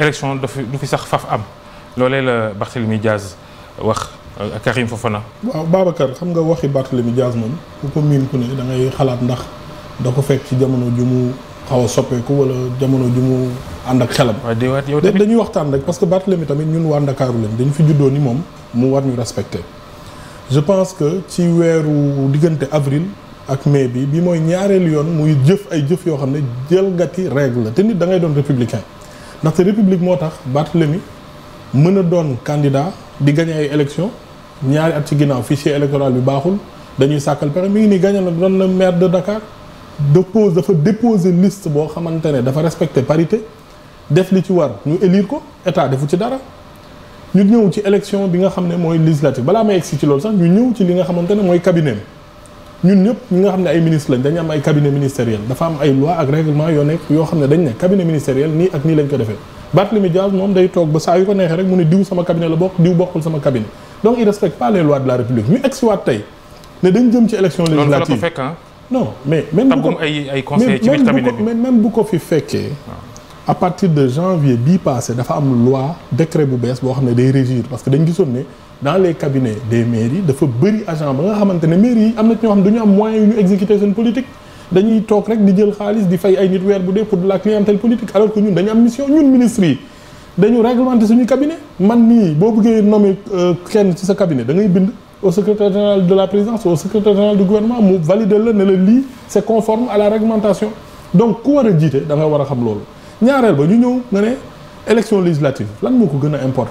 élection dafa du fi sax faf am loolee la Barthélemy Diaz wax ak euh, Karim Fofana. waaw Babacar xam nga waxi Barthélemy Diaz moom ku ko miin ku ne da ngay xalaat ndax da ko fekk ci jamono ju mu xaw a soppeeku wala jamono ju mu ànd ak xelam. yow dañuy waxtaan rek parce que Barthélemy tamit ñun waa Ndakaaru leen dañu fi juddoo ni moom mu war ñu respecter. je pense que ci weeru diggante avril ak mai bi bi mooy ñaareelu yoon muy jëf ay jëf yoo xam ne jëlgati règle la te nit da ngay doon républicain. ndaxte république moo tax Barthélemy mën a doon candidat di gagné ay élection ñaari at ci ginnaaw fichier électoral bi baaxul dañuy sàkkal pare mi ngi nii gagné na doon na maire de Dakar dépose dafa déposer liste boo xamante ne dafa respecter parité def li ci war ñu élire ko état defu ci dara ñu ñëw ci élection bi nga xam ne mooy législative balaa may egsi ci loolu sax ñu ñëw ci li nga xamante ne mooy cabinet ñun ñëpp ñi nga xam ne ay ministre lañ dañu am ay cabinet ministériel dafa am ay loi ak règlement yoo nekk yoo xam ne dañ ne cabinet ministériel nii ak nii lañ ko defee Barthélémy Dias moom day toog ba saa yu ko neexee rek mu ne diw sama cabinet la bokk diw bokkul sama cabinet donc il respecte pas les lois de la république ñu egsi waat tey ne dañ jëm ci élection législative non mais bu ko fi fekkee à partir de janvier bii passé dafa am loi décret bu bees boo xam ne day régir parce que dañ gisoon ne dans les cabinets des mairies dafa bëri agent ba nga xamante ne mairie yi am na ci ñoo xam ne du ñu am moyens yu ñu exécuter seen dañuy toog rek di jël xaalis di fay ay nit weer bu dee pour de la clientèle politique alors que ñun dañu am mission ñun ministres yi dañu réglementer suñu cabinet man nii boo bëggee nommer euh, kenn ci sa cabinet da ngay bind au secrétaire général de la présidence au secrétaire général du gouvernement mu valider la ne la lii c'est conforme à war a a loolu ñaareel ba ñu ñëw nga ne élection lan moo ko gën a important